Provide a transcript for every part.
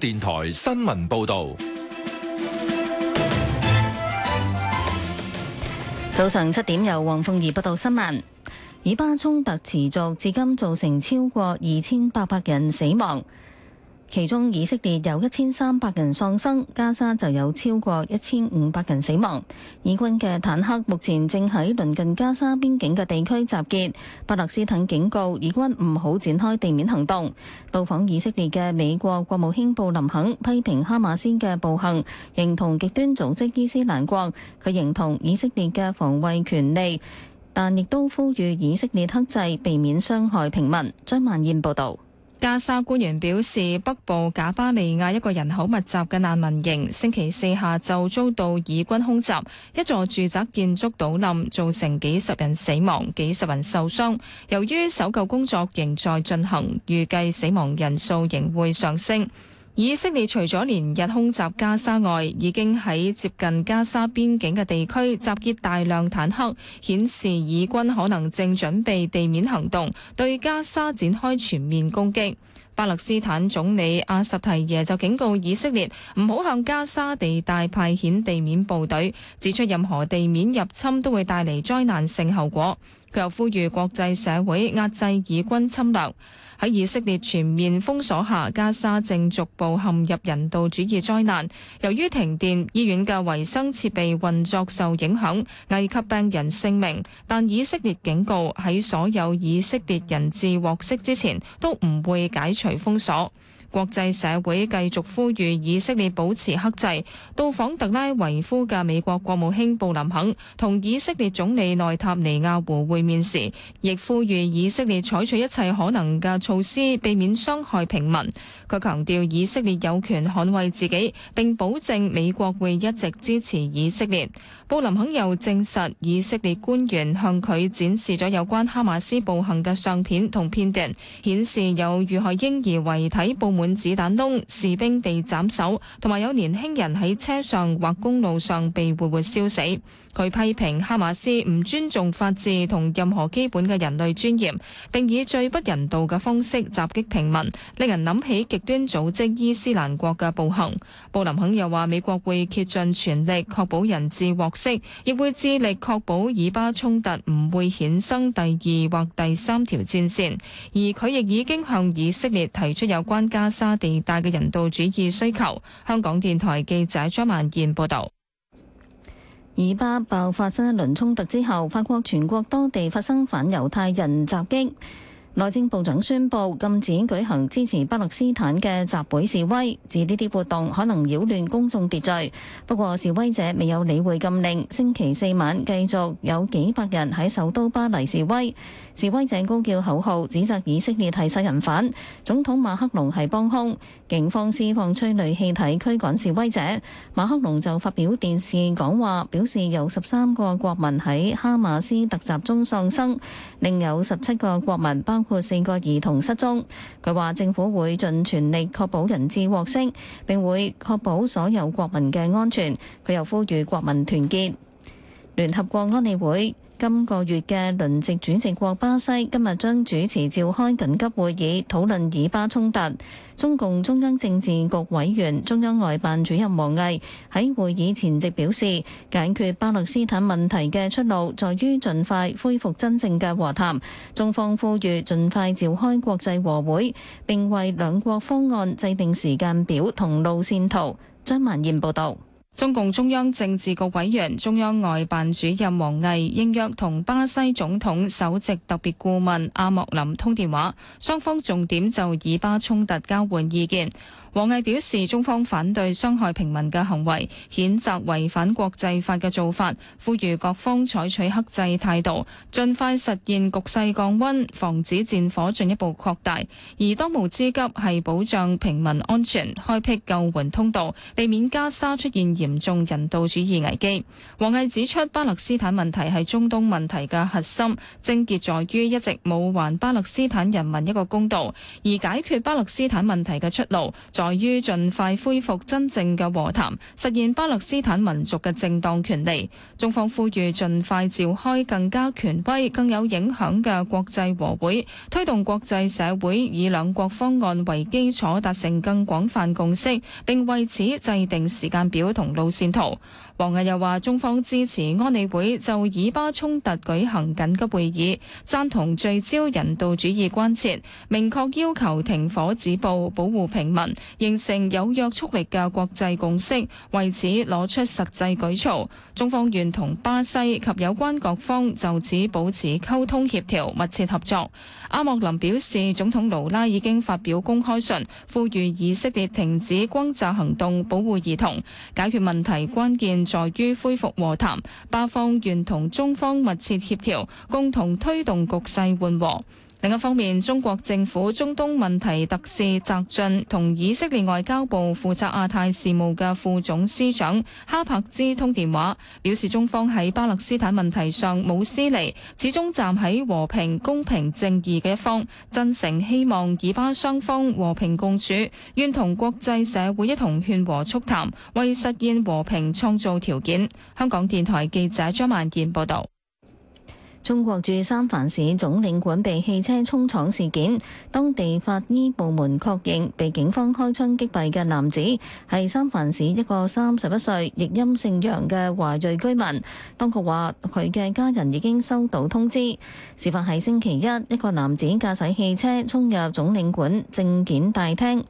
電台新聞報道：早上七點，由黃鳳儀報道新聞。以巴衝突持續至今，造成超過二千八百人死亡。其中以色列有一千三百人喪生，加沙就有超過一千五百人死亡。以軍嘅坦克目前正喺鄰近加沙邊境嘅地區集結，巴勒斯坦警告以軍唔好展開地面行動，到訪以色列嘅美國國務卿布林肯批評哈馬斯嘅暴行，認同極端組織伊斯蘭國，佢認同以色列嘅防衛權利，但亦都呼籲以色列克制，避免傷害平民。張萬燕報道。加沙官員表示，北部賈巴利亞一個人口密集嘅難民營，星期四下晝遭到以軍空襲，一座住宅建築倒冧，造成幾十人死亡，幾十人受傷。由於搜救工作仍在進行，預計死亡人數仍會上升。以色列除咗連日空襲加沙外，已經喺接近加沙邊境嘅地區集結大量坦克，顯示以軍可能正準備地面行動，對加沙展開全面攻擊。巴勒斯坦總理阿什提耶就警告以色列唔好向加沙地帶派遣地面部隊，指出任何地面入侵都會帶嚟災難性後果。佢又呼籲國際社會壓制以軍侵略，喺以色列全面封鎖下，加沙正逐步陷入人道主義災難。由於停電，醫院嘅維生設備運作受影響，危及病人性命。但以色列警告，喺所有以色列人質獲釋之前，都唔會解除封鎖。國際社會繼續呼籲以色列保持克制。到訪特拉維夫嘅美國國務卿布林肯同以色列總理內塔尼亞胡會面時，亦呼籲以色列採取一切可能嘅措施，避免傷害平民。佢強調以色列有權捍衞自己，並保證美國會一直支持以色列。布林肯又證實以色列官員向佢展示咗有關哈馬斯暴行嘅相片同片段，顯示有遇害嬰兒遺體報滿子彈窿，士兵被斬首，同埋有年輕人喺車上或公路上被活活燒死。佢批評哈馬斯唔尊重法治同任何基本嘅人類尊嚴，並以最不人道嘅方式襲擊平民，令人諗起極端組織伊斯蘭國嘅暴行。布林肯又話美國會竭盡全力確保人質獲釋，亦會致力確保以巴衝突唔會衍生第二或第三條戰線。而佢亦已經向以色列提出有關加沙地帶嘅人道主義需求。香港電台記者張曼燕報道，以巴爆發新一輪衝突之後，法國全國多地發生反猶太人襲擊。內政部長宣布禁止舉行支持巴勒斯坦嘅集會示威，指呢啲活動可能擾亂公眾秩序。不過示威者未有理會禁令，星期四晚繼續有幾百人喺首都巴黎示威。示威者高叫口號，指責以色列係殺人犯，總統馬克龍係幫兇。警方施放催淚氣體驅趕示威者，馬克龍就發表電視講話，表示有十三個國民喺哈馬斯特襲中喪生，另有十七個國民包包括四個兒童失蹤，佢話政府會盡全力確保人質獲釋，並會確保所有國民嘅安全。佢又呼籲國民團結。聯合國安理會。今個月嘅輪值主席國巴西今日將主持召開緊急會議，討論以巴衝突。中共中央政治局委員、中央外辦主任王毅喺會議前夕表示，解決巴勒斯坦問題嘅出路，在於盡快恢復真正嘅和談。中方呼籲盡快召開國際和會，並為兩國方案制定時間表同路線圖。張曼燕報導。中共中央政治局委員、中央外辦主任王毅應約同巴西總統首席特別顧問阿莫林通電話，雙方重點就以巴衝突交換意見。王毅表示，中方反對傷害平民嘅行為，譴責違反國際法嘅做法，呼籲各方採取克制態度，盡快實現局勢降温，防止戰火進一步擴大。而當務之急係保障平民安全，開闢救援通道，避免加沙出現嚴重人道主義危機。王毅指出，巴勒斯坦問題係中東問題嘅核心，症結在於一直冇還巴勒斯坦人民一個公道，而解決巴勒斯坦問題嘅出路在於盡快恢復真正嘅和談，實現巴勒斯坦民族嘅正當權利。中方呼籲盡快召開更加權威、更有影響嘅國際和會，推動國際社會以兩國方案為基礎達成更廣泛共識，並為此制定時間表同路線圖。王毅又話，中方支持安理會就以巴衝突舉行緊急會議，贊同聚焦人道主義關切，明確要求停火止暴、保護平民。形成有約束力嘅國際共識，為此攞出實際舉措。中方願同巴西及有關各方就此保持溝通協調，密切合作。阿莫林表示，總統盧拉已經發表公開信，呼籲以色列停止轟炸行動，保護兒童。解決問題關鍵在於恢復和談。巴方願同中方密切協調，共同推動局勢緩和。另一方面，中國政府中東問題特使翟俊同以色列外交部負責亞太事務嘅副總司長哈柏茲通電話，表示中方喺巴勒斯坦問題上冇私利，始終站喺和平、公平、正義嘅一方，真誠希望以巴雙方和平共處，願同國際社會一同勸和促談，為實現和平創造條件。香港電台記者張萬健報道。中國駐三藩市總領館被汽車衝闖事件，當地法醫部門確認被警方開槍擊斃嘅男子係三藩市一個三十一歲、譯音姓楊嘅華裔居民。當局話佢嘅家人已經收到通知。事發喺星期一，一個男子駕駛汽車衝入總領館證件大廳，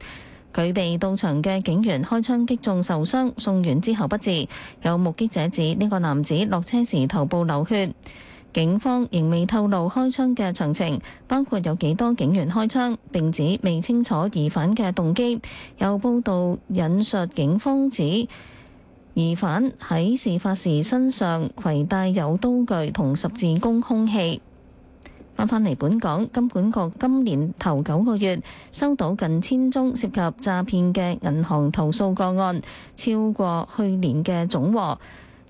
佢被到場嘅警員開槍擊中受傷，送院之後不治。有目擊者指呢個男子落車時頭部流血。警方仍未透露開槍嘅詳情，包括有幾多警員開槍，並指未清楚疑犯嘅動機。有報道引述警方指，疑犯喺事發時身上攜帶有刀具同十字弓凶器。翻返嚟本港，金管局今年頭九個月收到近千宗涉及詐騙嘅銀行投訴個案，超過去年嘅總和。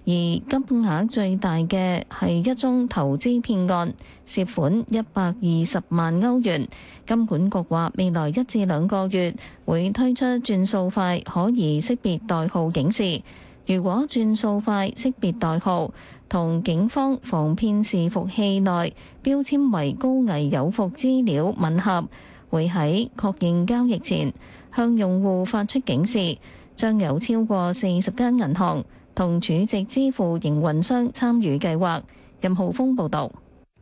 而金額最大嘅係一宗投資騙案，涉款一百二十萬歐元。金管局話，未來一至兩個月會推出轉數快可疑識別代號警示。如果轉數快識別代號同警方防騙視伏器內標籤為高危有伏資料吻合，會喺確認交易前向用戶發出警示。將有超過四十間銀行同儲值支付營運商參與計劃。任浩峰報導。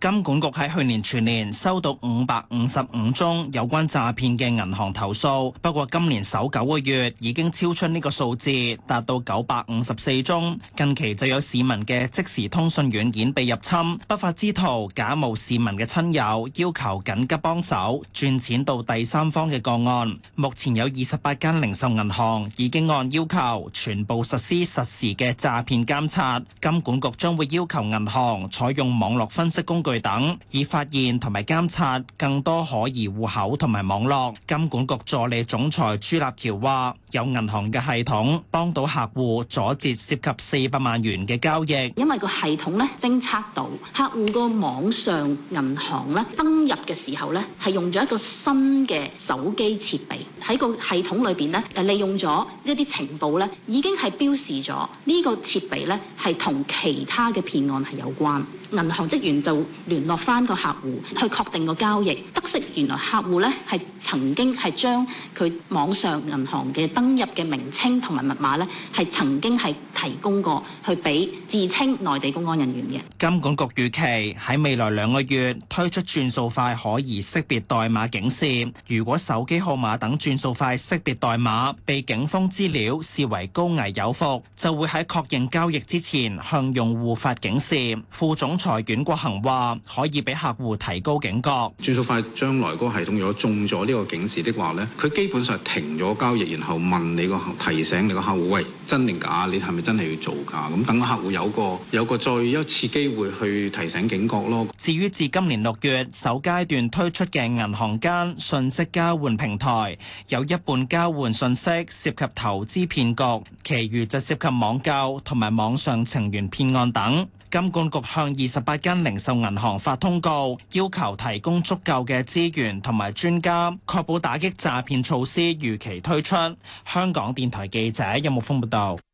金管局喺去年全年收到五百五十五宗有關詐騙嘅銀行投訴，不過今年首九個月已經超出呢個數字，達到九百五十四宗。近期就有市民嘅即時通訊軟件被入侵，不法之徒假冒市民嘅親友，要求緊急幫手轉錢到第三方嘅個案。目前有二十八間零售銀行已經按要求全部實施實時嘅詐騙監察。金管局將會要求銀行採用網絡分析工具。等以發現同埋監察更多可疑戶口同埋網絡，金管局助理總裁朱立橋話：有銀行嘅系統幫到客戶阻截涉及四百萬元嘅交易，因為個系統咧偵測到客戶個網上銀行咧登入嘅時候咧係用咗一個新嘅手機設備，喺個系統裏邊咧誒利用咗一啲情報咧已經係標示咗呢個設備咧係同其他嘅騙案係有關。銀行職員就聯絡翻個客戶去確定個交易，得悉原來客戶呢係曾經係將佢網上銀行嘅登入嘅名稱同埋密碼呢係曾經係提供過去俾自稱內地公安人員嘅。金管局預期喺未來兩個月推出轉數快可疑識別代碼警示，如果手機號碼等轉數快識別代碼被警方資料視為高危有伏，就會喺確認交易之前向用戶發警示。副總。阮國恒話可以俾客戶提高警覺，轉數快將來嗰系統如果中咗呢個警示的話，咧，佢基本上停咗交易，然後問你個提醒你個客戶，喂，真定假？你係咪真係要做噶，咁等個客戶有個有個再一次機會去提醒警覺咯。至於自今年六月首階段推出嘅銀行間信息交換平台，有一半交換信息涉及投資騙局，其餘就涉及網購同埋網上情緣騙案等。金管局向二十八間零售銀行發通告，要求提供足夠嘅資源同埋專家，確保打擊詐騙措施如期推出。香港電台記者邱木豐報道。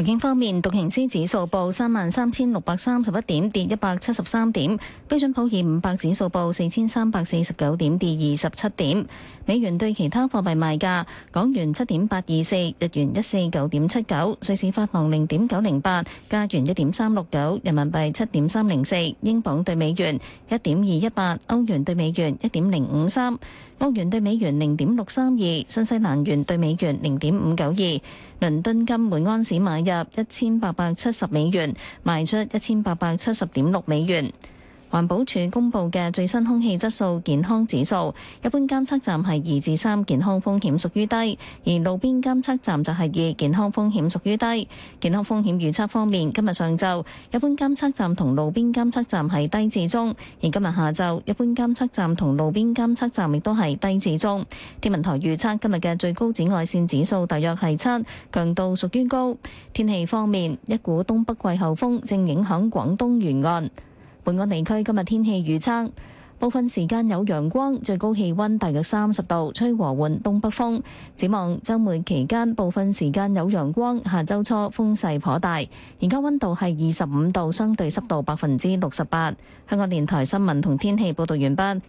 財經方面，道瓊斯指數報三萬三千六百三十一點，跌一百七十三點；標準普爾五百指數報四千三百四十九點，跌二十七點。美元對其他貨幣賣價：港元七點八二四，日元一四九點七九，瑞士法郎零點九零八，加元一點三六九，人民幣七點三零四，英鎊對美元一點二一八，歐元對美元一點零五三，澳元對美元零點六三二，新西蘭元對美元零點五九二。倫敦金每安士買 入一千八百七十美元，賣出一千八百七十點六美元。環保署公布嘅最新空氣質素健康指數，一般監測站係二至三，健康風險屬於低；而路邊監測站就係二，健康風險屬於低。健康風險預測方面，今日上晝一般監測站同路邊監測站係低至中，而今日下晝一般監測站同路邊監測站亦都係低至中。天文台預測今日嘅最高紫外線指數大約係七，強度屬於高。天氣方面，一股東北季候風正影響廣東沿岸。本港地區今日天氣預測，部分時間有陽光，最高氣温大約三十度，吹和緩東北風。展望週末期間，部分時間有陽光。下周初風勢頗大。而家温度係二十五度，相對濕度百分之六十八。香港電台新聞同天氣報道完畢。